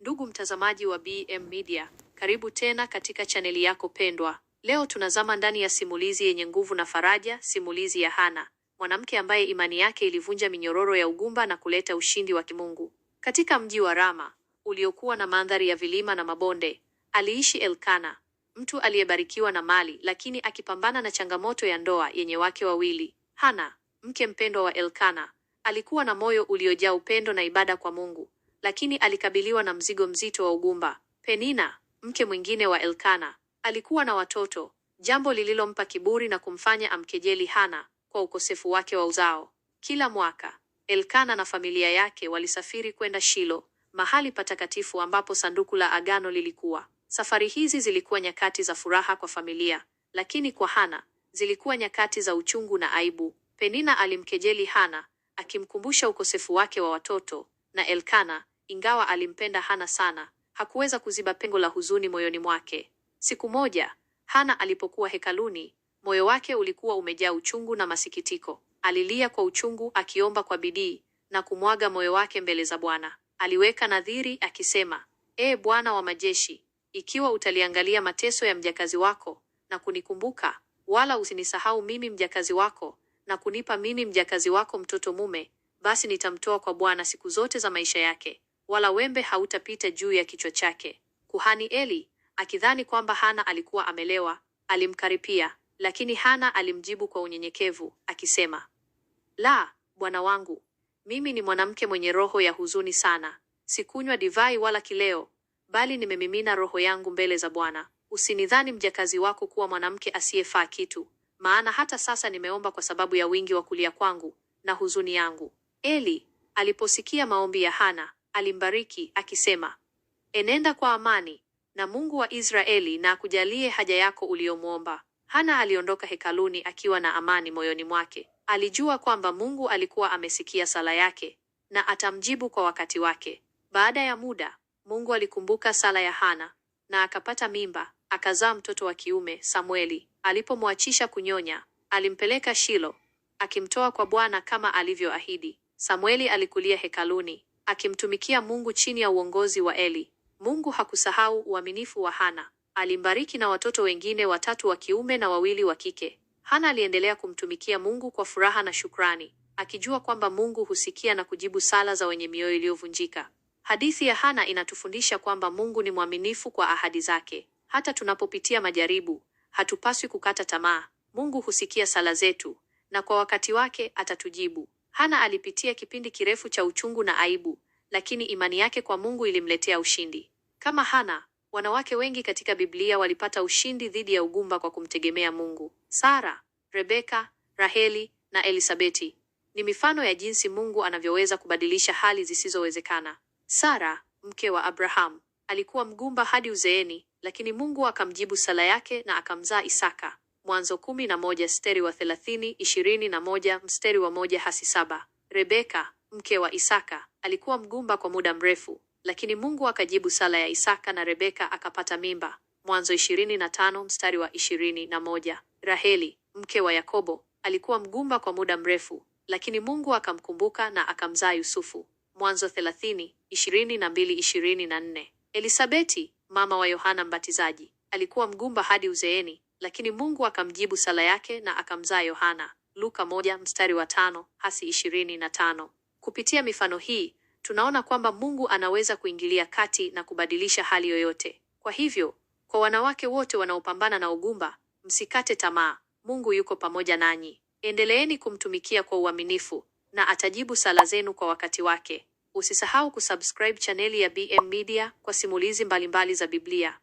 Ndugu mtazamaji wa BM Media, karibu tena katika chaneli yako pendwa. Leo tunazama ndani ya simulizi yenye nguvu na faraja, simulizi ya Hana, mwanamke ambaye imani yake ilivunja minyororo ya ugumba na kuleta ushindi wa kimungu. Katika mji wa Rama uliokuwa na mandhari ya vilima na mabonde, aliishi Elkana, mtu aliyebarikiwa na mali, lakini akipambana na changamoto ya ndoa yenye wake wawili. Hana, mke mpendwa wa Elkana, alikuwa na moyo uliojaa upendo na ibada kwa Mungu lakini alikabiliwa na mzigo mzito wa ugumba. Penina, mke mwingine wa Elkana, alikuwa na watoto, jambo lililompa kiburi na kumfanya amkejeli Hana kwa ukosefu wake wa uzao. Kila mwaka Elkana na familia yake walisafiri kwenda Shilo, mahali patakatifu ambapo sanduku la agano lilikuwa. Safari hizi zilikuwa nyakati za furaha kwa familia, lakini kwa Hana zilikuwa nyakati za uchungu na aibu. Penina alimkejeli Hana akimkumbusha ukosefu wake wa watoto na Elkana, ingawa alimpenda Hana sana, hakuweza kuziba pengo la huzuni moyoni mwake. Siku moja, Hana alipokuwa hekaluni, moyo wake ulikuwa umejaa uchungu na masikitiko. Alilia kwa uchungu, akiomba kwa bidii na kumwaga moyo wake mbele za Bwana. Aliweka nadhiri akisema, Ee Bwana wa majeshi, ikiwa utaliangalia mateso ya mjakazi wako na kunikumbuka, wala usinisahau mimi mjakazi wako na kunipa mimi mjakazi wako mtoto mume, basi nitamtoa kwa Bwana siku zote za maisha yake, wala wembe hautapita juu ya kichwa chake. Kuhani Eli akidhani kwamba Hana alikuwa amelewa, alimkaripia, lakini Hana alimjibu kwa unyenyekevu akisema, la, bwana wangu, mimi ni mwanamke mwenye roho ya huzuni sana, sikunywa divai wala kileo, bali nimemimina roho yangu mbele za Bwana. Usinidhani mjakazi wako kuwa mwanamke asiyefaa kitu, maana hata sasa nimeomba kwa sababu ya wingi wa kulia kwangu na huzuni yangu. Eli aliposikia maombi ya Hana, alimbariki akisema, enenda kwa amani na Mungu wa Israeli na akujalie haja yako uliyomwomba. Hana aliondoka hekaluni akiwa na amani moyoni mwake. Alijua kwamba Mungu alikuwa amesikia sala yake na atamjibu kwa wakati wake. Baada ya muda, Mungu alikumbuka sala ya Hana na akapata mimba, akazaa mtoto wa kiume Samueli. Alipomwachisha kunyonya, alimpeleka Shilo, akimtoa kwa Bwana kama alivyoahidi. Samueli alikulia hekaluni akimtumikia Mungu chini ya uongozi wa Eli. Mungu hakusahau uaminifu wa Hana, alimbariki na watoto wengine watatu wa kiume na wawili wa kike. Hana aliendelea kumtumikia Mungu kwa furaha na shukrani, akijua kwamba Mungu husikia na kujibu sala za wenye mioyo iliyovunjika. Hadithi ya Hana inatufundisha kwamba Mungu ni mwaminifu kwa ahadi zake. Hata tunapopitia majaribu, hatupaswi kukata tamaa. Mungu husikia sala zetu na kwa wakati wake atatujibu. Hana alipitia kipindi kirefu cha uchungu na aibu, lakini imani yake kwa Mungu ilimletea ushindi. Kama Hana, wanawake wengi katika Biblia walipata ushindi dhidi ya ugumba kwa kumtegemea Mungu. Sara, Rebeka, Raheli na Elisabeti ni mifano ya jinsi Mungu anavyoweza kubadilisha hali zisizowezekana. Sara, mke wa Abrahamu, alikuwa mgumba hadi uzeeni, lakini Mungu akamjibu sala yake na akamzaa Isaka. Mwanzo kumi na moja mstari wa thelathini ishirini na moja mstari wa moja hasi saba. Rebeka mke wa Isaka alikuwa mgumba kwa muda mrefu, lakini Mungu akajibu sala ya Isaka na Rebeka akapata mimba. Mwanzo ishirini na tano mstari wa ishirini na moja. Raheli mke wa Yakobo alikuwa mgumba kwa muda mrefu, lakini Mungu akamkumbuka na akamzaa Yusufu. Mwanzo thelathini ishirini na mbili ishirini na nne. Elisabeti mama wa Yohana Mbatizaji alikuwa mgumba hadi uzeeni, lakini Mungu akamjibu sala yake na akamzaa Yohana. Luka moja mstari wa tano hasi ishirini na tano. Kupitia mifano hii tunaona kwamba Mungu anaweza kuingilia kati na kubadilisha hali yoyote. Kwa hivyo, kwa wanawake wote wanaopambana na ugumba, msikate tamaa. Mungu yuko pamoja nanyi. Endeleeni kumtumikia kwa uaminifu na atajibu sala zenu kwa wakati wake. Usisahau kusubscribe chaneli ya BM Media kwa simulizi mbalimbali za Biblia.